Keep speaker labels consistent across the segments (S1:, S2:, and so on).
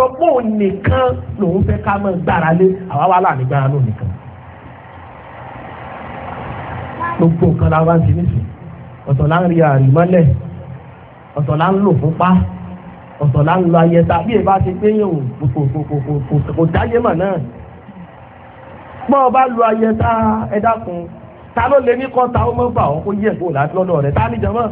S1: sọ pé òun nìkan lòun fẹ́ ká máa gbára lé àwa wà láàánú gbára lóun nìkan. gbogbo nǹkan la wá ń ti nísìn ọ̀tọ̀ là ń rí àrímọ́lẹ̀ ọ̀tọ̀ là ń lò fúnpá ọ̀tọ̀ là ń lo ayẹta bí èèbá ti pé yẹn kò dáyé mọ̀ náà. bọ́ ọ bá lo ayẹta ẹ dákun ta ló lè ní kọ́ta ó mọ́ gbà ọ́ kó yẹ̀ kó lọ́dọ̀ rẹ̀ ta níjàmọ́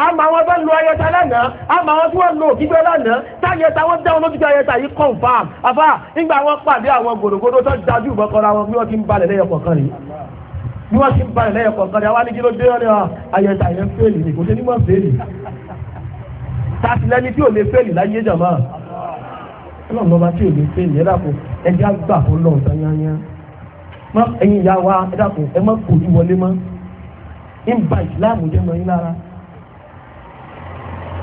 S1: àmà wọn bá lo ayẹta lánàá àmà wọn tí wọ́n lo òkígbẹ́ lánàá táyẹta wọ́n dáwọn lójú ayẹta yìí confam afá nígbà wọn pàdé àwọn gbòdògbòdò tó dájú ìbọkọra wọn bí wọ́n ti ń balẹ̀ lẹ́yọ kọ̀ọ̀kan rí bí wọ́n ti ń balẹ̀ lẹ́yọ kọ̀ọ̀kan rí àwọn anigi ló dé ọ̀rẹ́ ah, ayẹta yẹn fèlì ní kò sí nímọ̀ fèlì tàtìlẹ́ni tí ò lè fèlì láyé jàmá ọlọ́run lọ́ba tí ò lè fèlì ẹ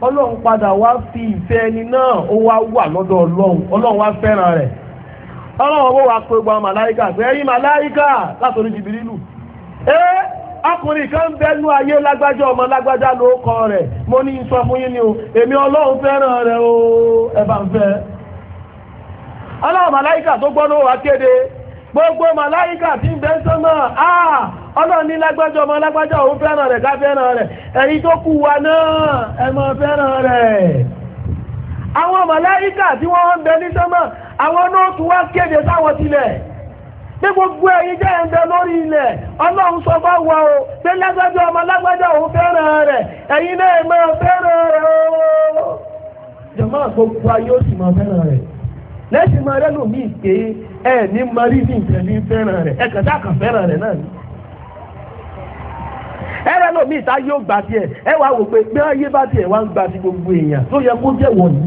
S1: ọlọ́run padà wá fi ìfẹ́ ẹni náà ó wá wà lọ́dọ̀ ọlọ́run ọlọ́run wá fẹ́ràn rẹ̀ ọlọ́run ó wá pé gbọ́n màláíkà pé ẹ̀yin màláíkà látòrí jìbìrìlù ẹ́ ọkùnrin kan bẹnu ayé lágbájá ọmọ lágbájá ló kọ rẹ̀ mo ní sọ fún yín ni o èmi ọlọ́run fẹ́ràn rẹ̀ o ẹ bá ń fẹ́ ọlọ́run màláíkà tó gbọ́ ló wá kéde gbogbo màláíkà tí ń bẹ náà àà ah, ọlọ́run ní lágbájọ́ ọmọ lágbájọ́ òun fẹ́ràn rẹ̀ ká fẹ́ràn rẹ̀ tó kù wa náà ẹ máa fẹ́ràn rẹ̀ àwọn màláíkà tí wọ́n ń bẹ ní àwọn nóòtù wá kéde gbogbo lẹ́sìn máa rẹ́ lòmí ìpè ẹ ní ní fẹ́ràn fẹ́ràn náà ni. ẹ rẹ́ lòmí ìta yóò gbà tiẹ̀ ẹ wàá wò pé bí wọ́n bá gbà ti gbogbo èèyàn tó yẹ kó jẹ́ wọ̀nyí.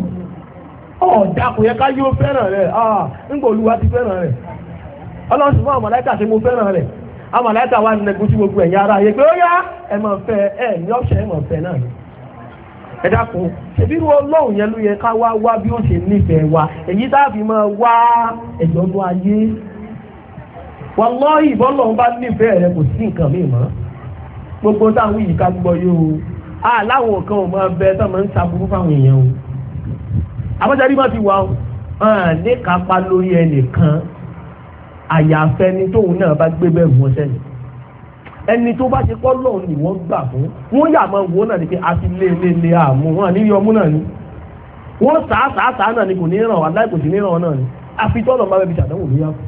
S1: ọ̀dà kò yẹ ká ti àwọn mo fẹ́ràn àwọn gbogbo ẹ̀yà ara yẹ pé ó yá ẹ máa fẹ́ ẹ ní ọ̀ṣẹ́ ẹ dákun ṣèbírú ọlọ́run yẹn ló yẹ ká wá wá bí ó ṣe nífẹ̀ẹ́ wa èyí tá a fi máa wá ẹ̀jọ̀nú ayé wàlọ́ọ̀hì bọ́lọ́run bá nífẹ̀ẹ́ rẹ kò sí nǹkan mi mọ́ gbogbo táwọn yìí ká gbọ́ yé o aláwọ̀ kan ò máa bẹ tó máa ń ṣàbùkù fáwọn èèyàn o àbájáde má ti wà o hàn ní kápá lórí ẹnìkan àyàfẹ́ni tóun náà bá gbé bẹ́ẹ̀ wọ́n sẹ́yìn ẹni tó bá ṣe kọ́ lọ́ọ̀ ni wọ́n gbà fún wọ́n yà máa wò náà ni pé a ti lé lé lé àmú wọn àníyí ọmú náà ni wọ́n sàá sàá sàá náà ni kò ní ràn wá láì kò sí ní ràn wọn náà ni àfi tọ́lọ̀ máa bẹ̀bi ṣàdánwò ló yàgò.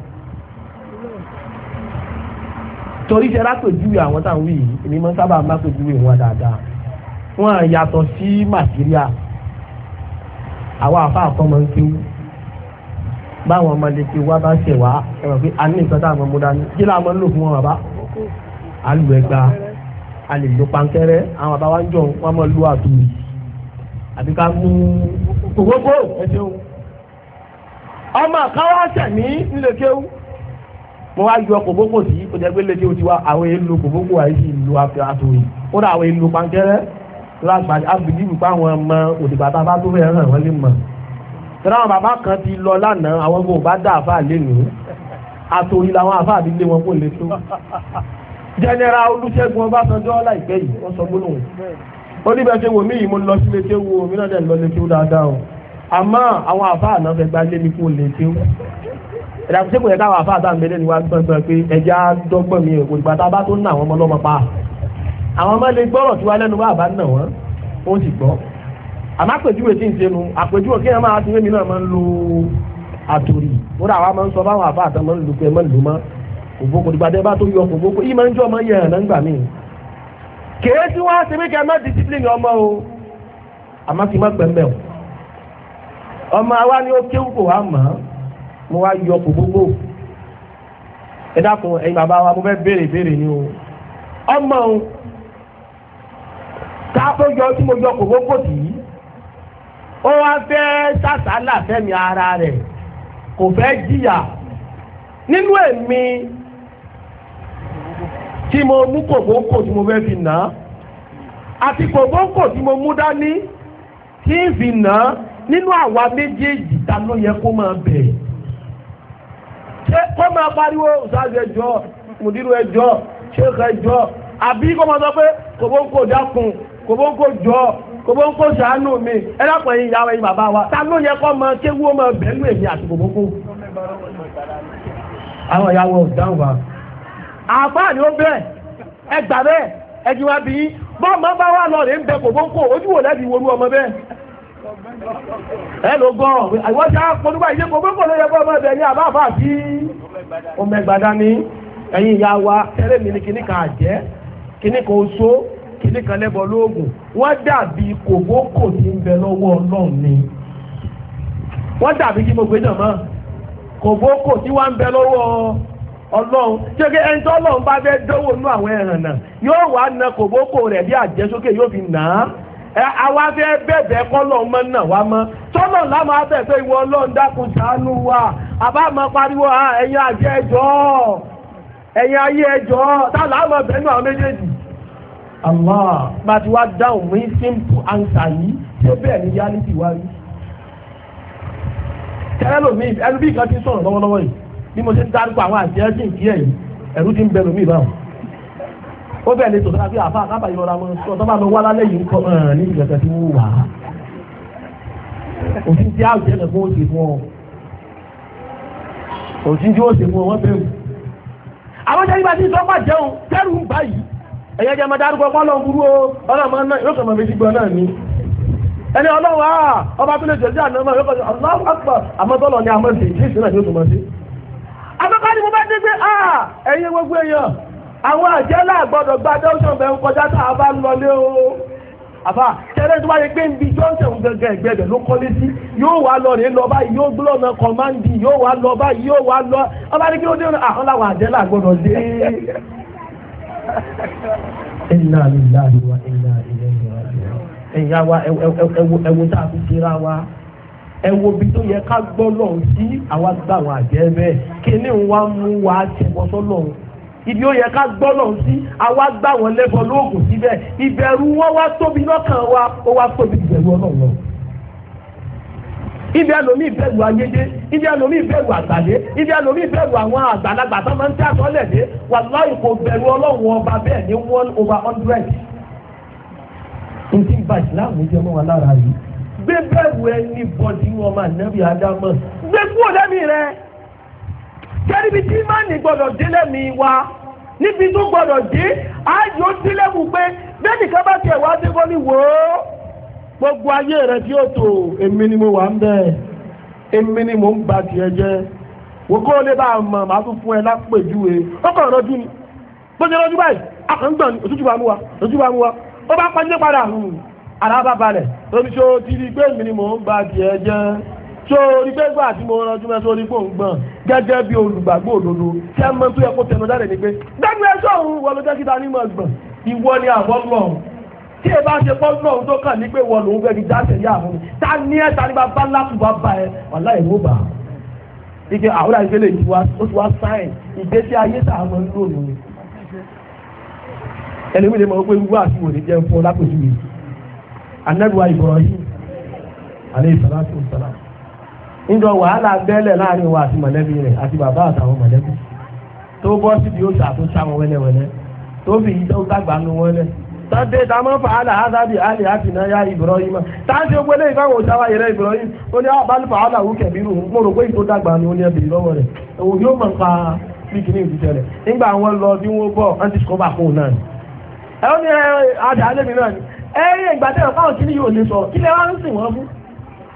S1: torí ṣe lápèjúwe àwọn táwọn wí yìí èmi máa ń sábà máa pèjúwe wọn dáadáa wọn yàtọ̀ sí màtíríà àwọn àfa àkọ́ máa ń kéwú báwọn ọmọdé ti wá bá ṣẹ̀wá ẹ̀rọ pé a ní nǹkan táwọn ọmọ mú dání kí láwọn lò fún wọn bàbá alu ẹgba a lè lo pankẹrẹ àwọn bàbá wa ń jọ wọn mọ lu àtúwì àbí ká mú kòkókò ẹsẹ̀wò ọmọ káwá sẹ̀mí nílé kéwù mo wá yọ kòkókò sí o jẹ́ pé lédè o ti wá àwọn èèlò kòkókò àìsí ìlú àtòyì ó dà àwọn èèlò pankẹ́rẹ́ lágbà abidjan pa àwọn ọmọ òdìbàtà bá tó fẹ́ hàn wọ́n lè mọ̀ tẹ́lẹ̀ àwọn bàbá kan ti lọ lánàá àwọn kò bá dá àfáà lé nìyí àtòyì làwọn àfáà ti lé wọn kó lè tó jẹnẹra olúṣẹ́gun ọbásanjọ́ láìpẹ́ yìí wọ́n sọ gbólóhùn oníbẹ̀ṣẹ̀ wò mí yìí mo lọ sílé tí ó wo omi náà dẹ̀ lọ lé tí ó dáadáa o àmọ́ àwọn àfáà náà fẹ́ gbá lé mi kú lè tí ó ìdàkùnṣe kò yẹ káwọn àfáà tá à ń bẹ lẹ́nu wá gbọ́ngbọ́n pé ẹja dọ́gbọ́n mi kò ìgbà tá a bá tó ná àwọn ọmọ ọlọ́mọ pa àwọn ọmọ lè gbọ́rọ̀ tí wá lẹ́nu wá àbá nà wọ́n ó sì gbọ́ àmọ́ àpèjúwe tí ń ṣe nu àpèjúwe kí wọ́n máa ti wé mi náà máa ń lo àtòrì ó dà wá máa ń sọ fáwọn àfáà tán máa ń lu pé máa ń lu mọ́ kòbókò ìgbàdẹ́ bá tó yọ kòbókò yìí máa ń jọ ọmọ yẹ ẹ̀rọ ń gbà mí. kèé tí wọ́n á ṣe méjì ẹ̀mọ́ discipline ọmọ o àmọ́ kì í má pẹ́ńbẹ́ o. ọmọ àwa ni ó kéwù kò wá mọ̀ mo wá yọ kòbókò. ẹ dákun ẹ̀yin bàbá wa mo fẹ́ béèrè béèrè ni o. ọmọ o ká tó yọ tí mo yọ kòbókò tì í. ó wá fẹ́ sàṣálà fẹ́mi ara rẹ̀ kò fẹ́ jìyà nínú èmi. E tí mo mú kòkókò tí mo fẹ́ fi nà á àti kòkókò tí mo mú dání tí ń fi nà á nínú àwa méjèèjì ta ló yẹ kó máa bẹ̀ ṣé kó máa pariwo ṣáàjú ẹjọ́ mùdírù ẹjọ́ ṣéèkì ẹjọ́ àbí kó máa sọ pé kòkókò dákun kòkókò jọ kòbóńkò sàánù mi ẹlọ́pọ̀ yìí yàwó yìí bàbá wa ta ló yẹ kọ́ mọ kéwú ọmọ bẹ́ẹ̀lú èmi àti kòbóńkò. àwọn ìyàwó dáhùn wa àfáà ni ó bẹ̀rẹ̀ ẹgbà bẹ́ẹ̀ ẹjì wá bí bá wà lọ rẹ̀ ń bẹ kòbókò ojú wò lẹ́bi worú ọmọ bẹ́ẹ̀ ẹ ló àwọn ṣe àpọ̀lúgbà ìṣe kòbókò ló yẹ kó ọmọ ẹ̀bẹ̀ ní sí wa tẹ́lẹ̀ mi ni kíní àjẹ́ kíní oṣó lẹ́bọ̀ lóògùn wọ́n dàbí ń ni wọ́n dàbí kí mo gbé náà mọ́ kòbókò ti wọ́n ń bẹ lọ́wọ́ ọlọ́run tí ó ké ẹni tó lọ́run bá fẹ́ dówó inú àwọn ẹ̀ràn náà yóò wá na kòbókò rẹ̀ bí àjẹsókè yóò fi nà á àwa fẹ́ bẹ̀bẹ̀ kọ́lọ̀ mọ́ náà wá mọ́ tọ́lọ̀ láwọn abẹ́ pé ìwọ ọlọ́run dákun ṣàánú wa àbá máa pariwo ẹ̀yin àjẹ ẹjọ́ ẹ̀yin ayé ẹjọ́ táwọn àmọ́ bẹ́ẹ̀ náà méjèèjì Allah bá ti wá dáhùn mí simple answer yìí tí ó bẹ́ẹ̀ ní yálí ti wá rí tẹ́lẹ̀ lómi ẹnu bí ìkan ti sọ̀rọ̀ lọ́wọ́lọ́wọ́ yìí bí mo ṣe ń dárúkọ àwọn àṣẹ́sìn díẹ̀ yìí ẹ̀rú ti ń bẹnu mí báwọn ó bẹ̀rẹ̀ lè tò sára bí àfa àkábà ìrora wọn sọ tó bá lọ wá lálẹ́ yìí ń kọ́ hàn ní ìgbẹ̀sẹ̀ tí wọ́n wà á òfin tí àwùjẹ́ nìkan ó ṣe fún ọ òfin tí ó ṣe fún ọ wọ́n bẹ̀rù àwọn jẹ́ nígbà tí ìsọ́pà jẹun tẹ́rù ń báyìí ẹ̀yẹ́ jẹ́ máa dárúkọ ọlọ́run o ọlọ́run náà ẹni ọlọ́run ah, ọba tó lè jẹ́ sí àná náà yóò kàn máa ọlọ́run àpà àmọ́ ni àmọ́ sí ìsìn náà yóò tó máa sí akọ́kọ́ ni mo bá dé pé ah ẹ̀yin gbogbo èèyàn àwọn àjẹ́lá gbọ́dọ̀ gba dọ́ṣọ̀n bẹ̀rù kọjá tá a bá ń lọlé o àfà tẹ́lẹ̀ tó bá yẹ pé nbí jọ́ǹsẹ̀hún gẹ́gẹ́ ẹ̀gbẹ́dẹ̀ ló kọ́lé sí yóò wá lọ rèé lọ báyìí yóò gbọ́ ọ̀nà kọ̀mándì yóò wá lọ Inna lillahi wa inna ilaihi wa ẹ̀wọ̀ ẹ wo ibi tó yẹ ká gbọ́ lọ́hùn sí àwa gbà wọn àjẹ́ bẹ́ẹ̀ kíní wa mú wa tẹ̀wọ́ sọ́lọ́hùn ibi ó yẹ ká gbọ́ lọ́hùn sí àwa gbà wọn lẹ́bọ̀ lóògùn síbẹ̀ ìbẹ̀rù wọn wá tóbi lọ́kàn wa ó wá tóbi ìbẹ̀rù ọlọ́run lọ ibi ẹlòmíì bẹ̀rù ayédè ibi ẹlòmíì bẹ̀rù àgbàdé ibi ẹlòmíì bẹ̀rù àwọn àgbàlagbà tó máa ń tẹ́ àtọ́lẹ̀ dé wàláhì kò bẹ̀rù ọlọ́run ọba bẹ́ẹ̀ ní one over hundred. n ti ba ìsìláàmù jẹ́ mọ́ wa lára yìí gbé bẹ́ẹ̀wù ẹni bọ́dí wọn máa nẹ́bí ádámọ̀ gbé kúrò lẹ́mí rẹ̀ kẹ́ríbi tí mánì gbọ́dọ̀ dé lẹ́mí wa níbi tó gbọ́dọ̀ dé ayò dé lẹ́mú pé bẹ́ẹ̀ni ká bá tiẹ̀ wá dé kọ́ ni wò ó gbogbo ayé rẹ̀ tí ó tò èmi ni mo wà ń bẹ́ẹ̀ èmi ni mo ń ba tiẹ̀ jẹ́ wò kó lè bá a mọ̀ màá tún fún ẹ lápèjúwe ó kàn rọjú ni bó ṣe rọjú báyìí akàngbọ̀n ni òtútù bá mú wa òtútù bá mú wa ó bá pàdé padà hmm arábàbalẹ̀ lórí ṣó ti rí pé mi ni mò ń ba tiẹ̀ jẹ́ ṣó rí pé gbà tí mo ránjú mẹ́sàn orí pò ń gbọ̀n gẹ́gẹ́ bí olùgbàgbọ́ òdodo tí a mọ̀ tó yẹ kó tẹnu jáde ni pé gbẹ́gbẹ́ ẹjọ́ òun wọ ló jẹ́ kíta ní mọ̀ gbọ̀n ìwọ ni àwọn ọlọ́run tí ẹ bá ṣe pọ́ńtò ọ̀hún tó kàn ní pé wọ lòun fẹ́ẹ́ fi jáṣẹ̀ yá àwọn ta ní ẹ ta ní bá bá látùbá bá ẹ wàhálà ìwọ bá ike àwọn àìsílẹ̀ ìtura ó ti wá sáìn ìgbésí ayé sàmọ́ ń lò nù ẹlẹ́wìn lè mọ̀ pé wíwá àti wòlé jẹun fún ọ lápòjú anabiwa Ibrahim aleyhi salatu wa salam njọ wàhálà bẹ́lẹ̀ láàrin wa àti mọ̀lẹ́bí rẹ̀ àti bàbá àtàwọn mọ̀lẹ́bí tó bọ́ síbi ó wẹ́lẹ́wẹ́lẹ́ tó fi yí dàgbà nu wọn lẹ tọ́dé ta mọ́ fà á àti náà Ibrahim ìfáwọn òṣàwà yẹrẹ Ibrahim ó ní ah, àwọn wù mo rò pé ìtò dàgbà nu ní ẹbìrì lọ́wọ́ rẹ̀ pa ìdíjẹ rẹ̀ nígbà wọn lọ bí wọn ẹ̀rí ìgbà tẹ́ ọ̀pá òkí yóò lè sọ kí lẹ wá ń sìn wọ́n fún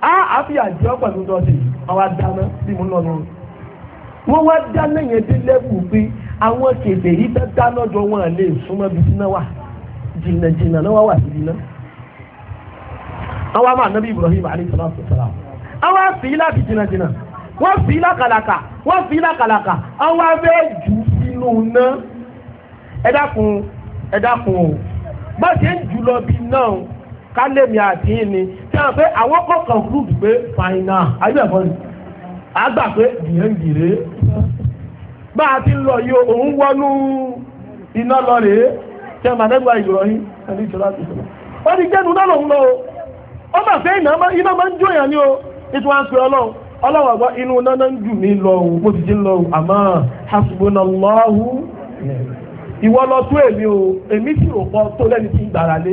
S1: á àfi àjẹ́ ọ̀pọ̀ tó tọ́ sí ọwọ́ wọ́n wá dáná yẹn lẹ́bù pé àwọn kèdè yìí dáná jọ wọn lè súnmọ́ bí síná wà jìnnà jìnnà wà àwọn nábì Ibrahim àwọn ilá fi jìnnà jìnnà wọ́n fi ilá kàlàkà wọ́n fi ilá kàlàkà àwọn abẹ́ jù sínú ẹ ẹ bá ń bí náà ká mi àti yín tí wọ́n pé àwọn kọ̀ọ̀kan group pé final ayé ẹ̀fọ́ ni a gbà pé bá a ti lọ yìí òun iná lọ rèé tí wọ́n ìrọ̀yìn ẹni ìṣọ́lá o inú náà ń jù mí ti jí hasbunallahu ìwọ lọ tó èmi o èmi sì rò pọ tó lẹ́ni tí ń gbára lé.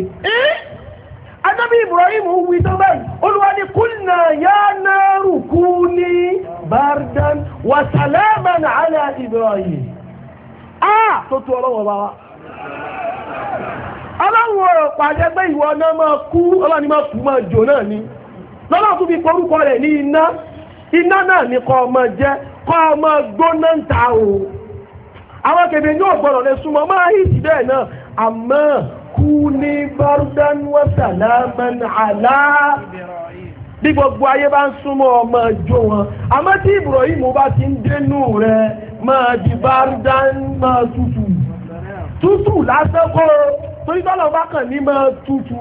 S1: Adábí Ibrahim wí tó báyìí, olúwa ni kúnnà yá náà rùkú ní Bardan wà sàlámàn àlà Ibrahim. Á tó tó ọlọ́wọ́ bá wa. Ọlọ́run ọ̀rọ̀ pàdé pé ìwọ náà máa kú, ọlọ́run máa kú máa jò náà ni. Lọ́lọ́run tún fi korúkọ rẹ̀ ní iná. Iná náà ni kọ́ ọmọ jẹ́, kọ́ ọmọ gbóná ń ta o àwọn kèbè ní ọ̀gbọ̀nà lè súnmọ́ máa hì sí bẹ́ẹ̀ náà àmọ́ kú ní bardan wa salaman ala bí gbogbo ayé bá ń súnmọ́ ọmọ ìjọ wọn àmọ́ tí Ibrahim bá ti ń dénú rẹ máa di bardan máa tutù tutù lásán kó torí tọ́lọ̀ bá kàn ní máa tutù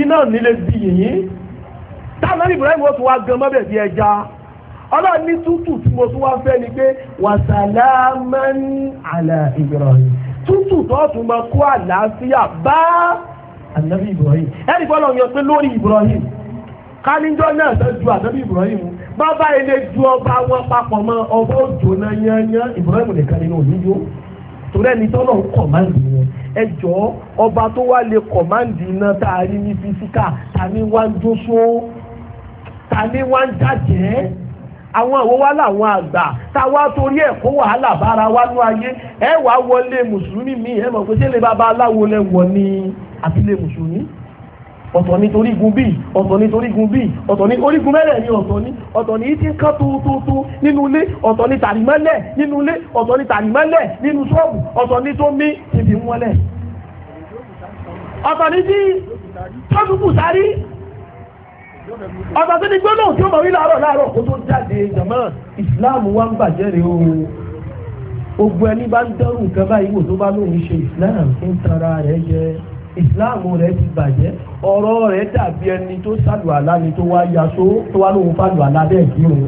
S1: iná nílé bí yìnyín táwọn Ibrahim ó tún wá gan mọ́bẹ̀ bí ẹja ọlọ́run ní tútù tí mo tún wá fẹ́ ni pé wàsálàmán àlà Ibrahim tútù tó tún máa kó àlàáfíà bá ànábì Ibrahim ẹnì kan lọ́ọ́ yan pé lórí Ibrahim kánijọ́ náà tó ju ànábì Ibrahim bàbá ilé ju ọba wọn papọ̀ mọ́ ọba òjò náà yányán Ibrahim nìkan nínú òní yó torí ẹni tó lọ ń kọ̀máǹdì yẹn ẹ jọ ọba tó wá lè kọ̀máǹdì iná tá a rí ní fisika ta wá ń dóṣó ta wá ń jàjẹ́ àwọn àwọ̀ wá làwọn àgbà táwa torí ẹ̀ kó wàhálà bára wá ní ayé ẹ wàá wọlé mùsùlùmí mi ẹ mọ̀ pé ṣé lè bàbá aláwo lẹ wọ ní àbílẹ̀ mùsùlùmí ọ̀tọ̀ ní torígun bíi ọ̀tọ̀ ní torígun bíi ọ̀tọ̀ ní orígun mẹ́rẹ̀ ní ọ̀tọ̀ ní ọ̀tọ̀ ní tí ń kán tóótóótó nínú ilé ọ̀tọ̀ ní tàrímọ́lẹ̀ nínú ilé ọ̀tọ̀ ní tàrímọ́lẹ̀ nínú ṣọ́ọ̀bù ọ̀tọ̀ ní tó mí ibi mọ́lẹ̀ ọ̀tọ̀ ní tí tọ́jú kù sárí ọ̀tà tó ní gbólóhùn tí ó mọ̀ rí láàárọ̀ láàárọ̀ kó tó jáde jàmọ́ ìsìláàmù wa ń bàjẹ́ rẹ̀ o gbogbo ẹni bá ń dẹ́rù nǹkan báyìí wò tó bá lóun ṣe ìsìláàmù ń tara rẹ̀ jẹ ìsìláàmù rẹ̀ ti bàjẹ́ ọ̀rọ̀ rẹ̀ dàbí ẹni tó sàlù àlá ni tó wá yaṣó tó wá lóun fàlù àlá bẹ́ẹ̀ kí òun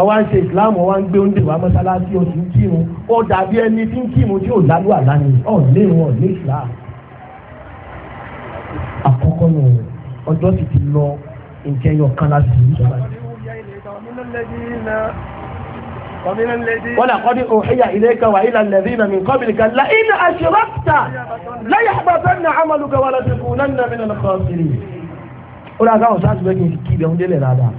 S1: ọwá ń ṣe ìsìláàmù ọwá ń gbé oúnjẹ wá mọ́sálásí oṣù kírun ń kírun ni ọ̀ lé wọn ò ọjọ́ sì ti lọ nǹkan ẹyọ kan láti ṣe ìjọba. wọ́n làkọ́ ní òhìyà ilayka wa ila alladhina min qablika la in ashrakta la yahbatanna 'amaluka wa la takunanna min al-khasirin. ó dàgbà wọn sáà tìbẹ́ kí n kí ibẹ̀ ń délẹ̀ dáadáa.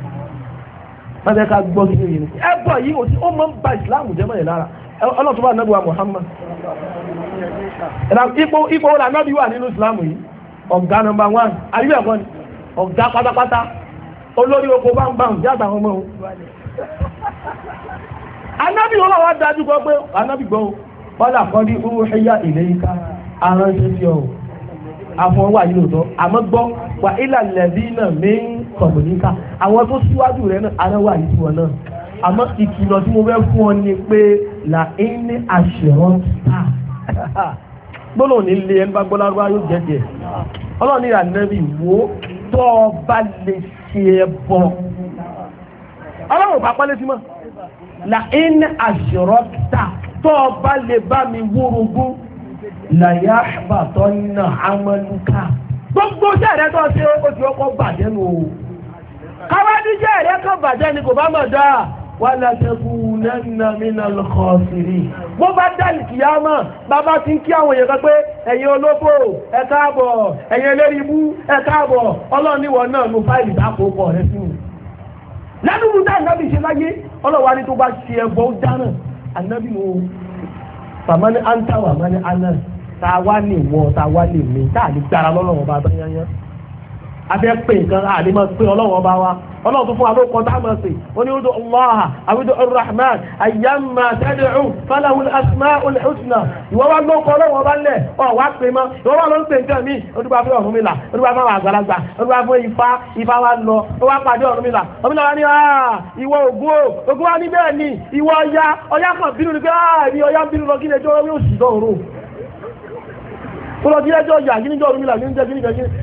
S1: wọ́n ká gbọ́ sí ìyẹn. ẹ bọ̀ yìí ó máa ń ba ìsìláàmù jẹ́ mọ́ lára ọlọ́tún bá nàbí wa Muhammad. ipò ipò ọ̀là nàbí ọ̀gá nọmba wán àríwẹ̀ ọ̀kan ni ọ̀gá pátápátá olórí oko bámbám yàtà ọmọ o anábì wọn wá dájú gbọ́ pé anábì gbọ́ ọlá kọ́dí rúhíyà ilé ika aránṣẹ́ sí ọ àfọwọ́n wà yìí lóòótọ́ àmọ́ gbọ́ wà ilà lẹ́bí náà mí kọ̀mùníkà àwọn tó síwájú rẹ̀ náà aránwà yìí sí wọn náà àmọ́ ìkìlọ̀ tí mo fẹ́ fún ọ ni pé là ń ní àṣẹ wọn gbọ́nà ní ilé ẹni bá gbọ́lárúbá yóò jẹ́jẹ́ ọlọ́run ní ànábì wo tó o bá lè ṣe ẹbọ ọlọ́run bá pálé sí la in àṣírọ́tà tó o bá lè bá mi wúrogún làyà àbàtọ́ iná amẹ́lúkà gbogbo sẹ́ẹ̀rẹ́ tó ṣe oṣù ọkọ̀ bàjẹ́ nù o káwá ní sẹ́ẹ̀rẹ́ kan bàjẹ́ ni kò bá mọ̀ dáa wala takunanna minal khasirin. wọ́n bá dá ìkìyàmọ̀ bàbá ti ń kí àwọn èèyàn kan pé ẹ̀yin olóbò ẹ káàbọ̀ eléri ibú ẹ káàbọ̀ ọlọ́ọ̀niwọ̀ náà ló fáìlì bá kó pọ̀ rẹ sí i. lẹ́nu mú dá ìnábì ṣe láyé ọlọ́wà ni tó bá ṣe ẹbọ dáná ànábì wo màmá ni áńtà wà má ni áná tá a wá ní ìwọ tá a wá ní ìmí tá a lè gbára lọ́lọ́wọ́ bá yányán abẹ́ pé nǹkan àní máa pé ọlọ́run ọba wa ọlọ́run tó fún wa ló kọ́ tá a máa sè ó ní odò allah awidu arrahman ayyamma tad'u falahu al-asma'ul husna ìwọ wa ló kọ́ ọlọ́run ọba lẹ̀ ọ̀ wá pè mọ́ ìwọ wa ló ń pè nǹkan mi olùgbà fún ọ̀run mi là olùgbà fún àwọn àgbàlagbà olùgbà fún ifá ifá wa lọ ó wá pàdé ọ̀run mi là ọ̀run náà wá ní ìwọ ògún o ògún wa ní bẹ́ẹ̀ ni ìwọ ọya ọya kan bínú ni pé ààrí ọya ń bínú lọ kí ni ẹjọ́ orí òṣìṣẹ́ òru kó lọ sí ẹjọ́ ìyà kí ni ẹjọ́ orí mi là kí ni ẹjọ́ kí ni ẹjọ́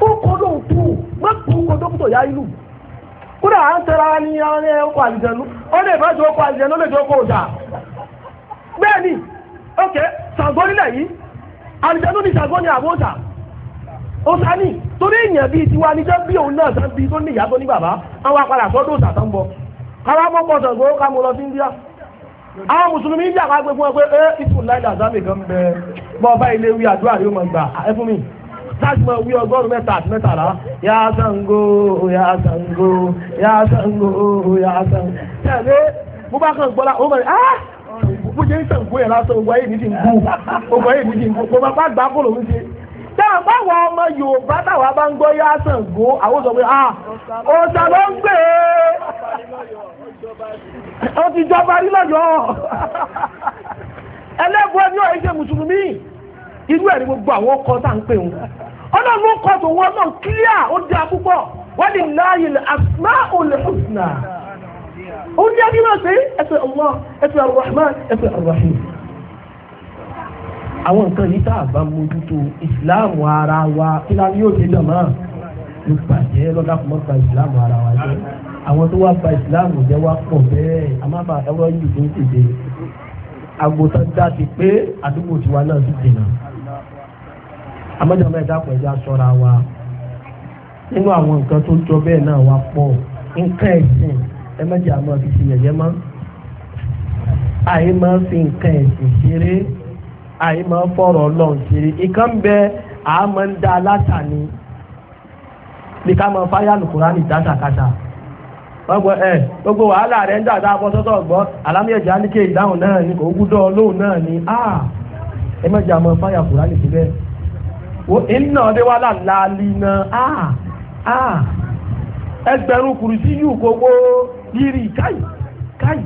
S1: ó kọ́ lóhùn kú mọ́tò kọ́ ya ilu. kúrò a ń tẹ́ra ní ọ̀rẹ́ ọkọ̀ àlìjẹ̀nu ó lè má jẹ́ ọkọ̀ àlìjẹ̀nu ó lè jẹ́ ọkọ̀ ni Ṣàngó ni Ṣàngó ni torí bíi tiwa ní jẹ́ bí òun náà sá bí tó ní ìyá tó ní bàbá àwọn apàdà lọ sí India àwọn mùsùlùmí India gbé fún láṣùmọ̀ wí ọgọ́rùn mẹ́ta àti mẹ́tàlá yá Ṣàngó yá Ṣàngó yá Ṣàngó yá Ṣàngó. tẹ̀lé mo bá kàn gbọ́lá ó mọ̀lẹ́ ah mo jẹ́ ní Ṣàngó yẹn lásán ogun ayé mi ti ń kú ogun ayé mi ti ń kú mo bá gbà kó lòún ṣe. dáa báwọn ọmọ Yorùbá táwa bá ń gbọ́ yá Ṣàngó àwọn sọ pé ah ọ̀sà ló ń gbé
S2: ó ti jọba rí lọ́yọ̀ọ́
S1: ẹlẹ́bùn ẹni ọ̀ irú ẹ̀ ní gbogbo àwọn ọkọ̀ tá à ń pè wọn ọlọ́run ó kọ́ tó wọn náà kílíà ó dáa púpọ̀ wọ́n lè láàyè asmaul husna ó ní ẹbí máa ṣe ẹsẹ̀ Allah ẹsẹ̀ arrahman ẹsẹ̀ arrahim àwọn nǹkan yìí tá a bá mójútó ìsìláàmù ara wa kí la yóò ṣe dàmọ́ ló bàjẹ́ lọ́dà kò mọ́ gba ìsìláàmù ara wa jẹ́ àwọn tó wá gba ìsìláàmù jẹ́ wá pọ̀ bẹ́ẹ̀ àmàbà ẹ̀rọ yìí tó ń tètè àgbòtán dá ti pé àdúgbò tiwa náà ti dènà. àmọ́jọba ẹ̀dá pọ̀ ẹ̀dá wa nínú àwọn nǹkan tó jọ bẹ́ẹ̀ náà wá pọ̀ nǹkan ẹ̀sìn ẹ má jẹ́ àmọ́ fi yẹ̀yẹ́ mọ́ àyè máa fi nǹkan ẹ̀sìn ṣeré àyè máa fọ̀rọ̀ ọlọ́run ṣeré ìkan àmọ́ ń da aláṣà ni bí ká máa fáyà lùkùránì dáṣàkáṣà gbogbo ẹ gbogbo wàhálà rẹ ń dà bọ́ sọ́tọ̀ gbọ́ alámìyẹ̀jẹ̀ á ní kí ìdáhùn náà kò náà iná ọdẹ wà láàlì náà áà ẹgbẹ̀rún kùrù sí yìí kókó yìí káì káì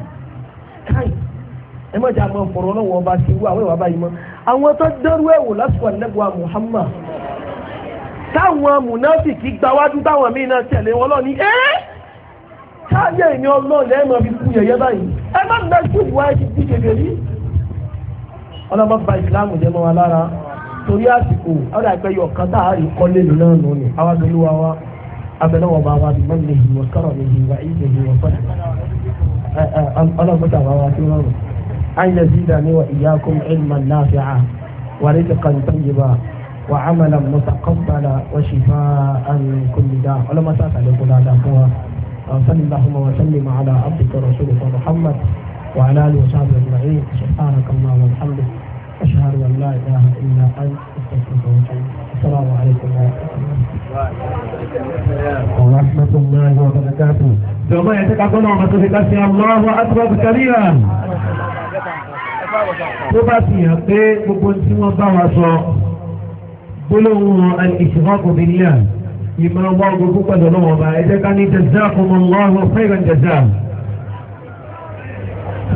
S1: káì ẹ má jẹ́ àwọn ọ̀fọ̀rọ̀ náà wọ́n bá ti wú àwọn ìwà báyìí mọ́ àwọn tó dẹ́rú ẹ̀wò lásìkò ànẹ́gbà Muhammad táwọn mùnáfìkì gbáwájú táwọn míì náà tẹ̀lé wọn lọ ẹ́ káyé èmi ọlọ́ọ̀lẹ́ ẹ̀ fi kú yẹ̀yẹ́ báyìí ẹ má gbẹ́ sí ti di gègé yìí ọlọ́mọ ba ìsìlámù jẹ́ mọ́ wa lára torí àsìkò ọ̀dà ìpẹ́ yọ ọ̀kan táàrí kọ́lé lò náà nù ní àwọn abẹ́lú wa wá abẹ́lú wa bá wa bí mọ́ni lè yí wọ́n kọ́rọ̀ lè yí wá èyí lè yí wọ́n fọ́nà ọlọ́mọdé àwa wa tí wọ́n rò ayé zida ni wa iyyakum ilman nafi'a wa rizqan tayyiba wa amalan mutaqabbala wa shifaan min kulli da' ọlọ́mọdé àtàlẹ́kùn dáadáa fún wa وصلى اللهم وسلم على عبدك ورسولك محمد وعلى اله وصحبه اجمعين سبحانك اللهم وبحمدك
S3: أشهد أن لا إله إلا أنت السلام عليكم ورحمة الله وبركاته ثم يتكفل
S2: عن مسؤولية الله أكبر كبيرا وباسي
S1: يبقي مبنسي وبرسة بلغوا الإشراق بالله إما الله قلتك ذنوبا إذا كان جزاكم الله خيرا جزاء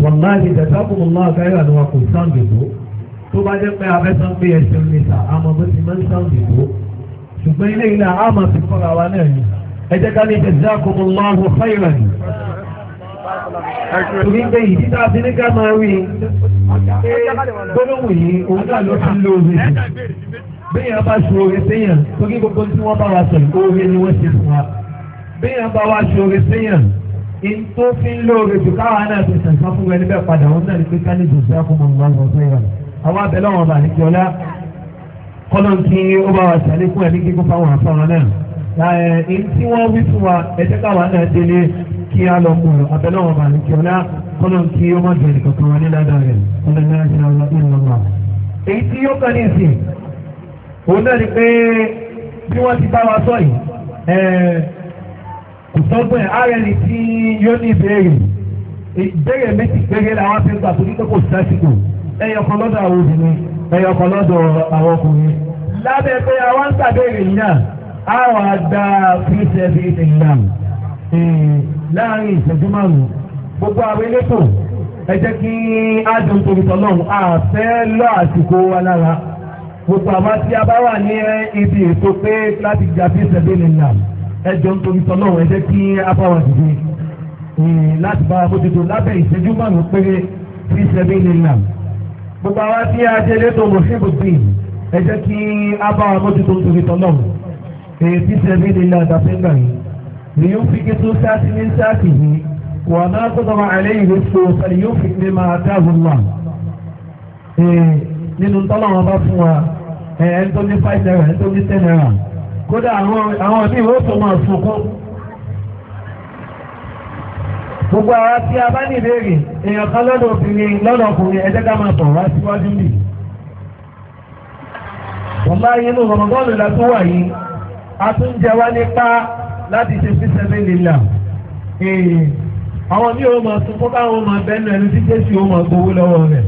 S1: والله جزاكم الله خيرا وقل سانجزوا bá jẹ́ pé abẹ́sán pé ẹ̀sìn mẹ́ta àmọ́ bó ti máa ń sàn dìbò ṣùgbọ́n ilé ilé àmọ́ ti kọ́ra wa náà ni ẹ jẹ́ ká ní jazakumullahu khairan ni. torí pé ìdí tá a fi ní ká máa rí gbólóhùn yìí òun náà ló ti lóore jù béèyàn bá ṣe oore séyàn torí gbogbo tí wọ́n bá wa sọ̀rọ̀ oore ni wọ́n ṣe fún wa béèyàn bá wa ṣe oore séyàn in tó fi ń lóore jù káwa náà ti sàn ká fún ẹni bẹ́ẹ̀ padà wọn náà ní pé ká ní jòsí àkómọ̀ ńlá lọ sẹ́yìn rẹ̀ àwọn abẹ́lẹ́ wọn bá nìkí ọlá kọ́lọ́n kí ó bá wa ṣàlékún ẹ̀mí kíkún fáwọn afárán náà èyí tí wọ́n wí fún wa ẹ̀jẹ̀ káwa náà délé kí á lọ mú un abẹ́lẹ́ wọn bá nìkí ọlá kọ́lọ́n kí ó má bẹ̀rẹ̀ kankan wọn ní ládàá rẹ̀ ọ̀nà náà ṣe àwọn ìlànà. èyí tí yóò kàn ní ìsìn òun náà ni pé bí wọ́n ti bá wa sọ yìí kò sọ́gbọ́n ẹyọkan lọ́dọ̀ àwọn obìnrin ẹyọkan lọ́dọ̀ àwọn ọkùnrin lábẹ́ pé àwọn ń sàbẹ̀rẹ̀ náà àwọn àgbà fíṣẹ́fì ìlàm láàrin ìṣẹ́jú márùn-ún gbogbo àwọn elétò ẹ jẹ́ kí ájò torí tọ́lọ́hún àfẹ́ lọ àsìkò wa lára gbogbo àwọn tí a bá wà ní ibi ètò pé láti gba fíṣẹ́fì ìlàm ẹjọ́ nítorí tọ́lọ́hún ẹ jẹ́ kí a bá wà dìde láti bá wa bójútó lábẹ́ ìṣẹ́jú márùn-ún péré fíṣẹ́fì ìlàm gbogbo àwọn tí a ṣe létò mọ̀ṣíbù bíi ẹ jẹ́ kí a bá wa mójútó nítorí tọ́lọ̀ èyí tí sẹ́bí nílẹ̀ àdàfẹ́gbà yìí ni yóò fi kí tó sáàtì ní sáàtì yìí wà náà tó tọ́mọ àlẹ́yìn ló so sẹ́ni yóò fi ní máa dáhùn wà nínú tọ́lọ̀ wọn bá fún wa ẹni tó ní five naira ẹni tó ní ten naira kódà àwọn míì ó tó máa sunkún gbogbo ara tí a bá ní ìbéèrè èèyàn kan lọ́dọ̀ obìnrin lọ́dọ̀ ọkùnrin ẹ jẹ́ ká máa tọ̀rọ̀ síwájú nì ọ̀la inú rọ̀mọ̀gọ́ọ̀lù la tó wà yìí a tún jẹ wá nípa láti ṣe fi sẹ́mi lílà àwọn míì ó máa sunkún káwọn ó máa bẹ́nu ẹni tí jésù ó máa gbowó lọ́wọ́ rẹ̀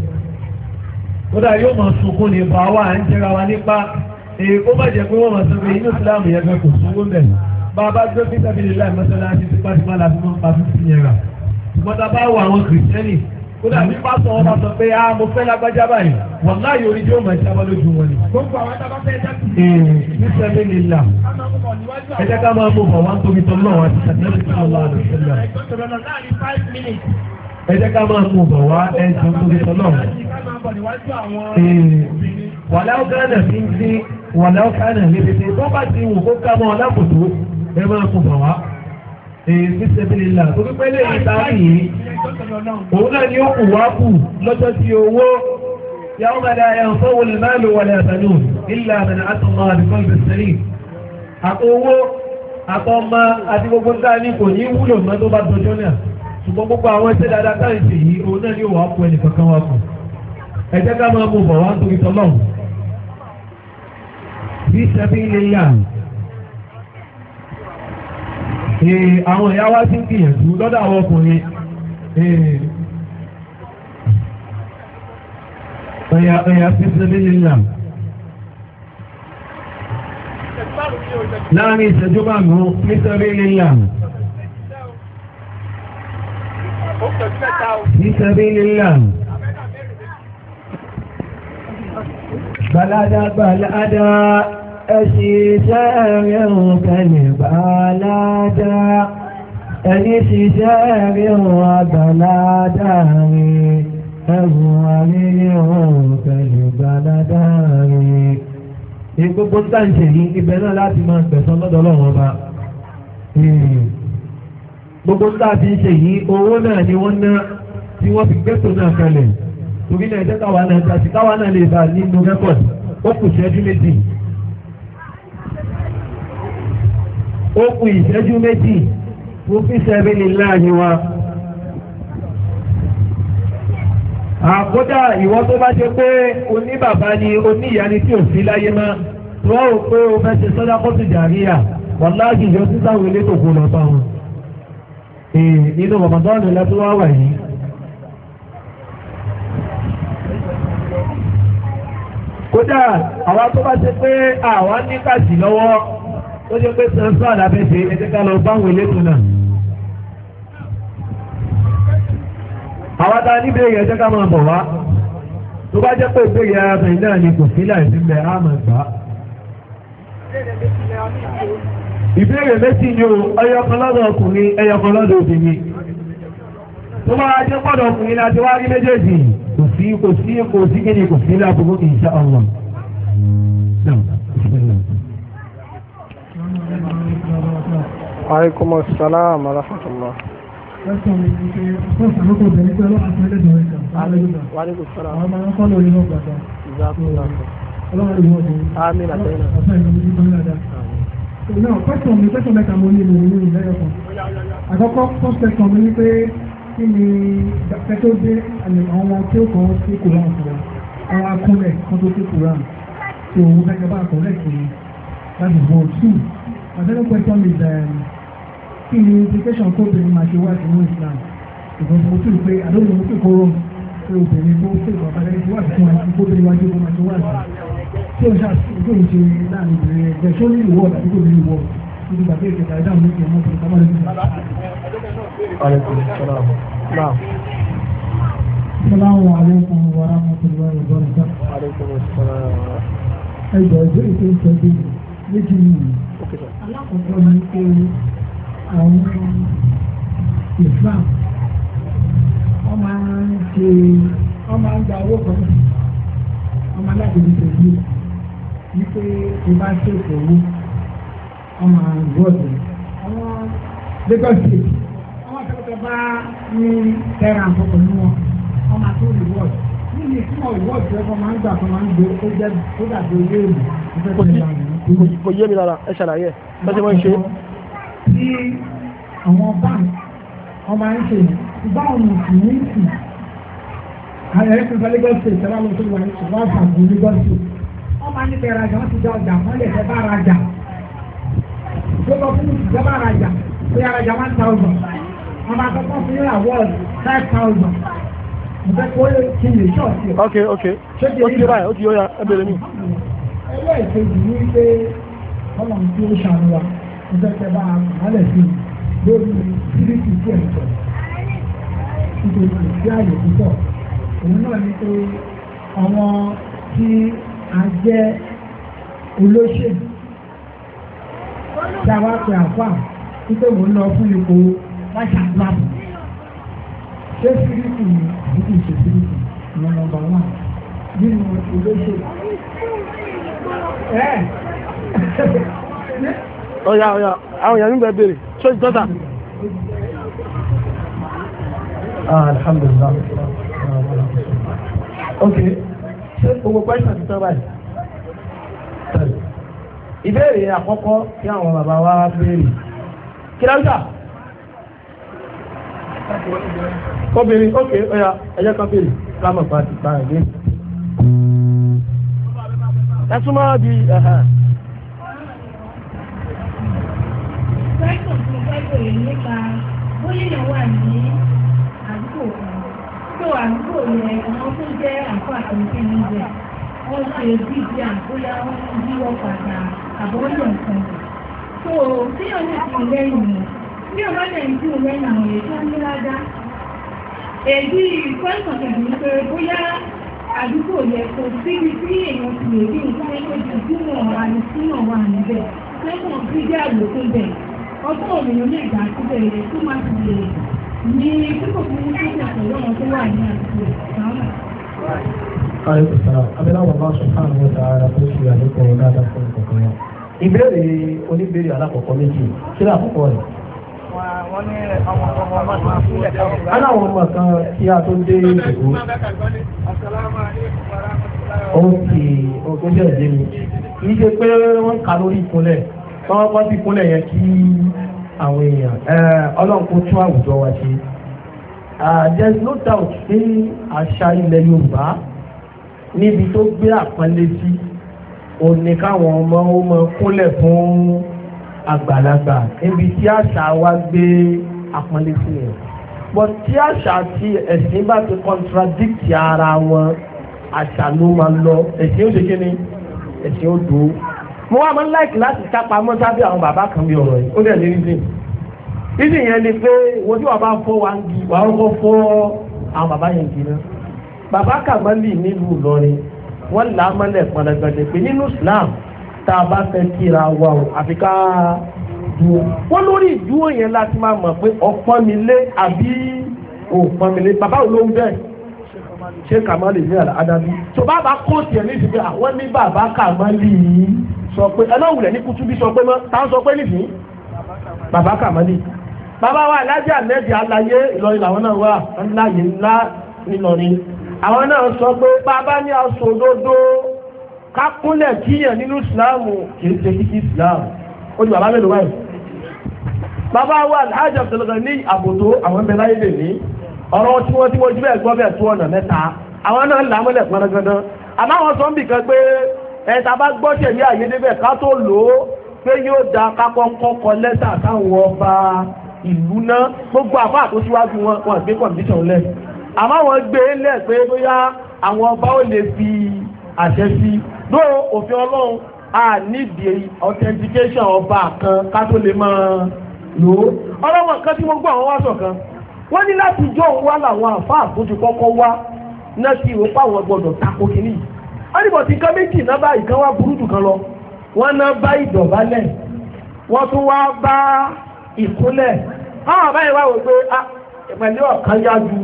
S1: kódà yóò máa sunkún ní bá wà ń jẹra wa nípa èyí kó má jẹ́ pé wọ́n máa sọ inú ìsìláàmù yẹn fẹ́ kò sówó mẹ́rin bá a bá gbé fi sẹ́mi lílà ìmọ̀sálásí tipátipá la fi máa ń pa fífi yẹn rà mọ́tà bá wọ àwọn kìrìsìtẹ́nì kódà bí pásọ̀ wọn bá sọ pé a ah, mo fẹ́ lágbájá báyìí wọn náà yóò rí bí ó máa ṣe abọ́lójú wọn ni. gbogbo àwọn ẹ̀dá bá fẹ́ dá sí. ní sẹ́mi ni là ẹ jẹ́ ká máa mú bọ̀ wá tóbi tó lọ́wọ́ àti sàtẹ́sì tó lọ́wọ́ àti sẹ́mi ẹ jẹ́ ká máa mú bọ̀ wá ẹ̀sùn lórí tọ́lọ́run. wàláwó kánà fi ń dín wàláwó kánà lébi tí wọ́n bá ti wù kó ká èyí sẹ́bílélà tó pípẹ́ lè rí sáàrì yìí òun náà ni ó kù wá kù lọ́jọ́ ti owó yàwó padà ẹ̀ ń fọ́wọ́ lè máa lò wọlé àtàlù ilẹ̀ àmì àtọ̀mọ́ àdìkọ́ ìbẹ̀sẹ̀lì àtọwó àtọmọ àti gbogbo ń dáa kò ní wúlò mọ́ tó bá dojọ́ náà ṣùgbọ́n gbogbo àwọn ẹsẹ̀ dáadáa táyì sí yìí òun náà ni ó wà kù ẹnì kankan wà kù ẹ ká máa mú bọ̀ wá nítorí tọ́lọ́hùn bí sẹ́bílélà Eh, àwọn ìyá wa ti ń gbìyànjú lọ́dọ̀ àwọn
S3: ọkùnrin
S2: ẹ̀yà
S1: ẹ̀yà fífẹ́ lẹ́yìn náà láàrin ìṣẹ́jú márùn-ún nítorí lílà nítorí lílà balada balada ẹ̀ṣìṣẹ́ rẹ̀ ń kẹlẹ̀ bá ládá ẹni ṣiṣẹ́ rẹ̀ ń àgbà ládá rẹ̀ ẹ̀rùn àríyẹ̀ ọ̀rùn kẹlẹ̀ bá ládá rẹ̀ ní gbogbo ń tàǹṣe yìí ibẹ̀ náà láti máa gbẹ̀san lọ́dọ̀ ọlọ́run ọba hmm. gbogbo ń tàbí ṣe yìí owó náà ni wọ́n ná tí wọ́n fi gẹ́tò náà kalẹ̀ torí náà ẹ̀jẹ̀ káwa náà ta sí káwa náà lè bá nínú rẹ́kọ̀dì ó kù ṣẹ́jú méjì ó kù ìṣẹ́jú méjì fún fíṣẹ́bí láàyè wa. àkódà ìwọ tó bá jẹ́ pé oníbàbá ni oníyá ni tí ò sí láyé mọ́ wọ́n rò pé o fẹ́ ṣe sọ́dá kọ́tù jàríyà wàláàjì yọ sí sáwọn ilé tó kú lọ bá wọn. nínú rọmọdọ́ọ̀nù lẹ́tọ́ wá wà yìí. kódà àwa tó bá ṣe pé àwa ní kàṣì lọ́wọ́ ó jẹ́ pé sọ́ọ̀sọ́ àdáfẹ́ ṣe ẹjẹ́ ká lọ báwọn elétò náà àwọn tá a ní bèèrè ẹjẹ́ ká máa bọ̀ wá tó bá jẹ́ pé ìbéèrè ara bẹ̀rẹ̀ náà ni kò sílẹ̀ ìsinmi àmà gbà ìbéèrè méjì ni o ẹyọkan lọ́dọ̀ ọkùnrin ẹyọkan lọ́dọ̀ obìnrin tó bá jẹ́ pọ̀dọ̀ ọkùnrin láti wá rí méjèèjì kò sí kò sí kò sí kí ni kò sí lábúrú insha Allah
S3: aleykum salaam wa rahmatulah. aleykum salaam. àmín àtẹ̀yìn náà kọ́sọ̀n mi kọ́sọ̀n mẹ́ta mo ní ìlú ìlú ìlú ẹ̀yọ̀kan àkọ́kọ́ kọ́sọ̀n mi wípé kí ni pẹ́tó dé àwọn tí ó kàn sí koran fún wa àwọn akúnlẹ̀ kan tó sí koran tí òun fẹ́ jọba àkọ́lẹ̀ kiri láti bọ̀ tù my second question is um, kí ni implication tó obìnrin máa ṣe wá sí Islam ìgbọ̀n mo tún pé àdóòdò mo tún kó rọrùn pé obìnrin tó ṣe ìwà balẹ̀ ti wá sí fún wa kó obìnrin wájú kó máa ṣe wá sí tí ó ń ṣe láàrin obìnrin ẹgbẹ́ ṣó ní ìwọ àti kò ní ìwọ níbi gbàgbé ìjọba ìdáhùn ní ìjọba ọmọbìnrin ká má lè Salaamu alaykum wa rahmatullahi wa barakatuh. Alaykum assalam. Ẹ jọ̀ọ́ ìjọ ìpè ìtọ́jú méjì nìyí. Alákọ̀ọ́kọ́ ni pé àwọn Islam wọ́n máa ń ṣe wọ́n máa ń gba owó kan wọ́n máa láti fi tẹ̀lé wípé o bá ṣètò owó wọ́n máa ń gbọ́dọ̀ àwọn Lagos state àwọn akẹ́kọ̀ọ́ bá ní tẹ́ra àkọ́kọ́ ní wọn wọ́n máa tó reward nínú ìtumọ̀ reward tí wọ́n máa ń gbà tó máa ń gbé ó jẹ́ ó dàbí owó èlò. kò yé mi rárá ẹ ṣàlàyé ẹ bá ṣe máa ń ṣe é tí àwọn báńkì wọ́n máa ń ṣe báwọn mùsùlùmí sì ààrẹ ìpínlẹ̀ Lagos state ẹ̀rọ lọ sí wàá ṣe wàá fàgbọ́ Lagos state wọ́n máa ń ní bẹ̀rẹ̀ àjà wọ́n ti dá ọjà wọ́n lè fẹ́ bá ara jà tó lọ fún ìjọba bá ara jà pé ara jà one thousand wọ́n máa kọ́kọ́ fún yín award five thousand ǹjẹ́ kó lè kí ni ok ok ó ti báyìí
S1: ó ti yọ ya ẹ bẹ̀rẹ̀ mi.
S3: ẹgbẹ́ ìkejì ní pé ọlọ́run tí ó ṣàánú wa ìfẹ́fẹ́ bá àlẹ́ sí i lórí síríkì sí ẹ̀sọ́ nítorí ìdí àyè púpọ̀ òun náà ní pé àwọn tí a jẹ́ olóṣèlú tí a wá pe àfà títẹ̀ wọ́n lọ fún ipò láṣà láàbù ṣé síríkì ni àbíkì ṣe síríkì ìyẹn nọ́mbà wà nínú
S1: olóṣèlú. ọ̀yà ọ̀yà àwọn èèyàn nígbà bèèrè ṣó ti tọ́ta.
S3: Ah, alhamdulillah ok ṣé
S1: gbogbo pẹ́sàn ti tán báyìí ìbéèrè àkọ́kọ́ tí àwọn bàbá wa béèrè kí lọ́jà kọ́bìnrin ok ọ̀yà ẹ̀jẹ̀ kan béèrè lámọ̀ bá ti bá ẹ̀ lé. ẹ tún máa di ẹ̀hẹ̀.
S3: béèrè nípa bóyá wà ní àdúgbò kan tó àdúgbò yẹn àwọn tó jẹ́ àpò àtúntì níbẹ̀ wọ́n ṣe bíbí àbóyá wọ́n ń bí ọkọ̀ àgbà àbọ̀wọ́lọ̀ tó tí wọ́n lè fi lẹ́yìn tí wọ́n bá lè fi lẹ́yìn àwọn èyí tó ń ní ládá èyí ìfọ́nìkan kẹ̀kẹ́ ní pé bóyá àdúgbò yẹ kò síbi tí èèyàn ti lè rí nǹkan tó ti túmọ̀ àìsímọ̀ wà níbẹ̀ lẹ́kọ̀ọ́ sí jẹ́ àlòkún bẹ̀rẹ̀ ọdún òmìnira lè gbà síbẹ̀ rẹ̀ tó máa ti lè ní kíkò fún kíkò pẹ̀lú ọmọ tó wà ní àdúgbò ìgbàlá. Àìkú sára,
S1: Abíláwà máa sọ fún àwọn ọ̀tá ara tó ṣe àlékún dáadáa fún Ìbéèrè oníbéèrè alákọ̀ọ́kọ́ méjì, kí ni àkọ́kọ́ rẹ̀? Aláwọn ọmọ kan tí a tó dé ìdìbò. Ó ti ọgbẹ́jọ́ ìdí mi. Kì pé wọ́n ń ka lórí ìkúnlẹ̀ tọ́wọ́ kọ́ sí kúnlẹ̀ yẹn kí àwọn èèyàn ọlọ́run tún àwùjọ wa ṣe. there is no doubt pé àṣà ilẹ̀ yorùbá níbi tó gbé àpọ́nlé sí òun ni káwọn ọmọ ó mọ kúnlẹ̀ fún àgbàlagbà níbi tí àṣà wa gbé àpọ́nlé sí yẹn but tí àṣà àti ẹ̀sìn bá ti contradict ara wọn àṣà ló máa lọ ẹ̀sìn ó ṣe kí ni ẹ̀sìn ó dùn ó mo wá máa ń láìkì láti sápa mọ́ sábẹ́ àwọn bàbá kan bí ọ̀rọ̀ yìí ó dẹ̀ ní reason reason yẹn ni pé wọ́n tí wàá bá fọ́ wa ń gi wàá kọ́ fọ́ àwọn bàbá yẹn kì í ná bàbá kàmálì nílùú Ìlọrin wọ́n là á mọ́lẹ̀ pọ̀lẹ́gbẹ̀dẹ̀ pé nínú Islam tá a bá fẹ́ kíra wa o àfi ká dúró wọ́n lórí ìdúró yẹn láti máa mọ̀ pé ọ̀pọ̀ mi lé àbí òpọ̀ mi lé bàbá olóhùn bẹ́ẹ̀ ṣé kàmálì ní àdábí tó bá bá kóòtù yẹn ní ìsìnkú àwọn ní bàbá kàmálì yìí sọ pé ẹlọ́wùlẹ̀ ní bí sọ pé mọ́ táwọn sọ pé nìsín bàbá kàmọ́lì bàbá wa alájà mẹ́jì aláyé ìlọrin wà àwọn náà ní àwọn ọ̀rọ̀ tí wọ́n wọ́n àwọn àwọn ẹ̀ta bá gbọ́ṣẹ̀ ní àyédébẹ̀ ká tó lò ó pé yóò da kákọ́kọ́kọ́ lẹ́tà táwọn ọba ìlú náà gbogbo àbá tó síwájú wọn wọn gbé kọ̀ǹdíṣàn lẹ̀ àmọ́ wọn gbé lẹ̀ pé bóyá àwọn ọba ó lè fi àṣẹ sí ló òfin ọlọ́run a nídìí authentication ọba kan ká tó lè máa lò ó ọlọ́wọ́n kan tí wọ́n gbọ́ àwọn wáṣọ̀ kan wọ́n ní láti jọ òun wá làwọn àfáà tó ti kọ́kọ́ wá náà sí ìwé pàwọn gbọ́dọ̀ tako yìí ọ́nìbọ̀ ti kán méjì náà bá ìkan wá burú jù kan lọ wọ́n náà bá ìdọ̀bálẹ̀ wọ́n tún wá bá ìkúnlẹ̀ báwọn báyìí wá wò pé ah, pẹ̀lú ọ̀kan yá ju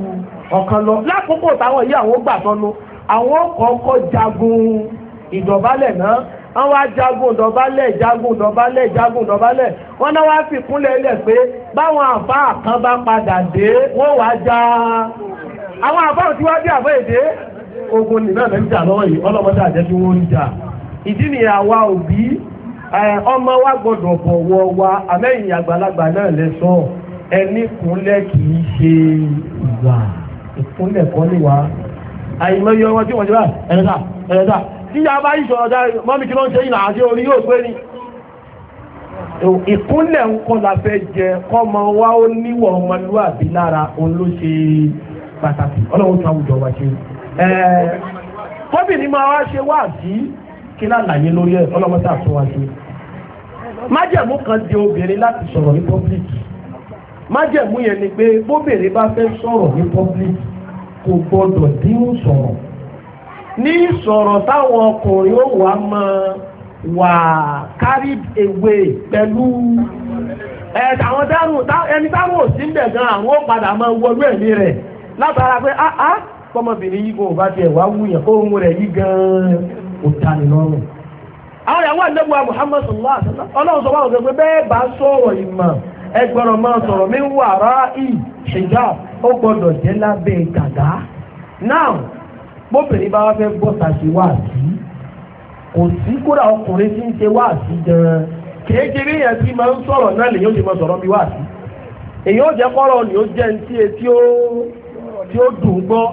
S1: ọ̀kan lọ lákòókò táwọn yìí àwọn gbà tọ́nu àwọn kọ̀ọ̀kọ̀ jagun ìdọ̀bálẹ̀ náà wọ́n wá jagun ìdọ̀bálẹ̀ jagun ìdọ̀bálẹ̀ jagun ìdọ̀bálẹ̀ wọ́n náà wá fi kúnlẹ̀ ilẹ̀ pé báwọn àfáà kan bá padà dé wọ́n wá já àwọn àfáà tí wá dé àfẹ́ ogun nìbẹ̀ mẹ́ ń lọ́wọ́ yìí ọlọ́mọdé àjẹ́jú jà ìdí ni àwa òbí ọmọ wa gbọ́dọ̀ wọ wa àmẹ́yìn àgbàlagbà náà lẹ sọ ẹni kúnlẹ̀ kì í ṣe ìwà ìkúnlẹ̀ kọ́ ní wa àìmọye ọmọ tí wọ́n ti bá tí a bá ìṣòro mọ́mí kí ló ń ṣe àti orí yóò ni ìkúnlẹ̀ la fẹ́ jẹ kọ́mọ wa ó níwọ̀ Eh, kọ́bìnrin máa wá ṣe wá sí kí lálàyé lórí ẹ̀ ọlọ́mọta tó májẹ̀mú kan di obìnrin láti sọ̀rọ̀ ní public májẹ̀mú yẹn ni pé bóbìnrin bá fẹ́ sọ̀rọ̀ ní public kò gbọdọ̀ dín sọ̀rọ̀ ní sọ̀rọ̀ táwọn ọkùnrin ó wà máa wà pẹ̀lú àwọn dárùn ẹni dárùn gan àwọn ó padà máa wọlú ẹ̀mí rẹ̀ látara pé áá. Ah, ah, kọmọbìnrin yìí kò bá tiẹ̀ wá wúyàn kó rẹ̀ gan-an kò lọ́rùn. àwọn ìyàwó àdébù wa Muhammad sallallahu alaihi wasallam ọlọ́run sọ wá òkè bẹ́ẹ̀ bá sọ̀rọ̀ ìmọ̀ ẹ máa sọ̀rọ̀ mi wà ó gbọ́dọ̀ jẹ́ lábẹ́ gàgá. bóbìnrin bá wá fẹ́ bọ́ sàṣì kò sí kódà ọkùnrin tí ń ṣe gan-an kéékèèrè yẹn tí náà lèyìn èyí ó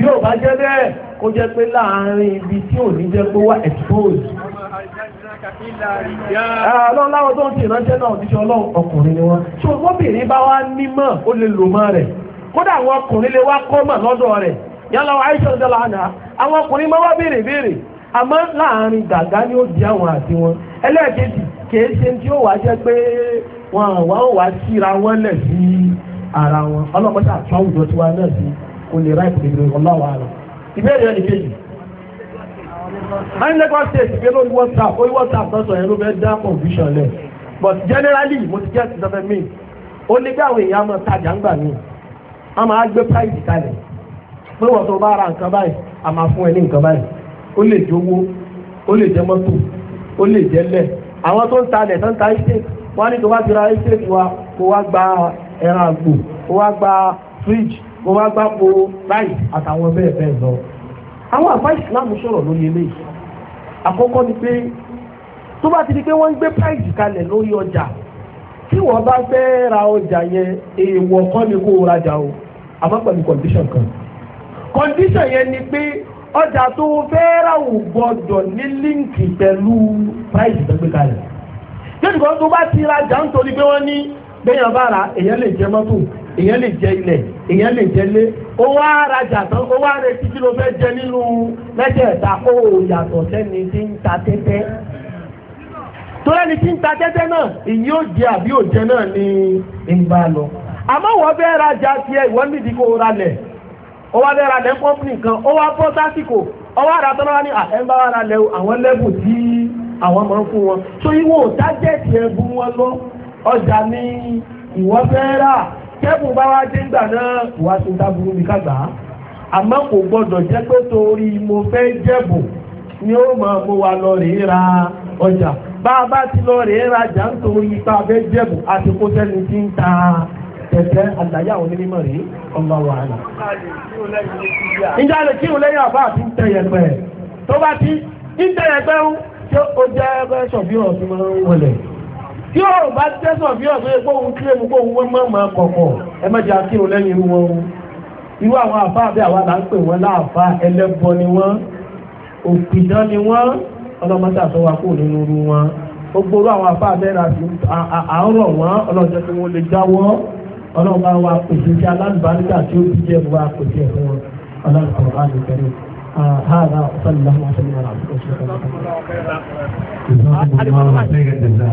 S1: bí o bá jẹ́ kó jẹ́ pé láàárín ibi tí ò ní jẹ́ pé expose. tó ń ti ìránṣẹ́ náà ti ṣe ọkùnrin ni wọ́n. bá wá nímọ̀ ó lè lò mọ́ rẹ̀ kódà àwọn ọkùnrin lè wá kọ́ mọ̀ lọ́dọ̀ rẹ̀ yálà wà áìsàn jẹ́ àná. àwọn ọkùnrin máa béèrè béèrè àmọ́ láàrin gàgá ni ó di àwọn àti wọn ẹlẹ́ẹ̀kejì kìí ṣe tí ó wá jẹ́ pé wọn àwọn wá síra wọn lẹ̀ Only right to ráì pè Allah ọlọ́wà rẹ̀ ìbéèrè ẹni kejì mindlẹ́gbà state gbé lórí whatsapp lórí whatsapp lọ́sọ̀ yẹn ló fẹ́ dá confusion lẹ̀ but generally mo ti jẹ́ ti sọfẹ́ mi ó ní bí àwọn èèyàn máa tajà ń gbà mí a máa gbé price kalẹ̀ pé wọ́n tó bá ra nǹkan báyìí a máa fún ẹ ní nǹkan báyìí ó lè jẹ́ owó ó lè jẹ́ mọ́tò ó lè jẹ́ lẹ̀ àwọn tó ń talẹ̀ tó ń ta estate wọ́n á ní tó bá ti ra estate wa kó wá gba ẹran àgbò kó wá gba fridge mo wá gbápo báyìí àtàwọn bẹ́ẹ̀ bẹ́ẹ̀ lọ àwọn àfáà ìsìláàmù sọ̀rọ̀ lórí eléyìí àkọ́kọ́ ni pé tó bá ti di pé wọ́n ń gbé price kalẹ̀ lórí ọjà tí wọ́n bá fẹ́ ra ọjà yẹn èèwọ̀ kan ni kó o rajà o àmọ́ pẹ̀lú condition kan condition yẹn ni pé ọjà tó fẹ́ ra ò gbọ́dọ̀ ní líǹkì pẹ̀lú price tó gbé kalẹ̀ yóò dìbò tó bá ti rajà nítorí pé wọ́n ní bẹ́yàn bá ra èyàn lè jẹ mọ́tò èyàn lè jẹ ilẹ̀ èyàn lè jẹ lé ó wá rajà tán ó wá retí kí ló fẹ́ jẹ nínú mẹ́tẹ̀ẹ̀ta ó yàtọ̀ sẹ́ni tí ń ta tẹ́tẹ́ tó lẹ́ni tí ń ta tẹ́tẹ́ náà èyí ó jẹ àbí ó jẹ náà ni ń bá lọ àmọ́ wọ́n fẹ́ rajà tiẹ̀ ìwọ́n nídìí kó ra lẹ̀ ó wá fẹ́ ra lẹ̀ kọ́mpìnì kan ó wá bọ́ sásìkò ó wá ra tọ́lá ní àẹ́ńbáwá ra lẹ̀ àwọn lẹ́bù tí àwọn máa ń fún wọn so ìwọ̀n tájẹ́ẹ̀tì ẹ̀ ọjà ní ìwọ́ kẹ́bùn bá wá dé gbà náà wà tó dábúrú mi kàgbà àmọ́ kò gbọ́dọ̀ jẹ́ tó torí mo fẹ́ jẹ́bù ni ó máa mú wa lọ rí ra ọjà bá a bá ti lọ rí ra jà ń ipa fẹ́ àti kó sẹ́ni ń ta àdáyà ọmọ wa
S3: lẹ́yìn
S1: àbá àti tẹ̀yẹ̀pẹ̀ tó bá ti ń tẹ̀yẹ̀pẹ̀ ó jẹ́ ẹgbẹ́ ṣọ̀bí tí ọ̀rọ̀ bá tẹ́sàn bí ọ̀gbẹ́ gbóhun kí èmú gbóhun wọ́n mọ́ mọ́ kọ̀kọ̀ ẹ mẹ́jà kí o lẹ́yìn irú wọn irú àwọn àfá àbẹ́ àwọn là ń pè wọ́n láàfá ẹlẹ́bọ ni wọ́n òpìdán ni wọ́n ọlọ́mọdé àtọwà kò nínú irú wọn gbogbo irú àwọn àfá àbẹ́ rà sí àárọ̀ wọn ọlọ́jọ́ tí wọ́n lè jáwọ́ ọlọ́mọdé wa pèsè sí alábàáníkà tí ó bí jẹ́ wa pèsè fún wọn ọlọ́mọdé هذا وصلى الله وسلم على
S2: عبده ورسوله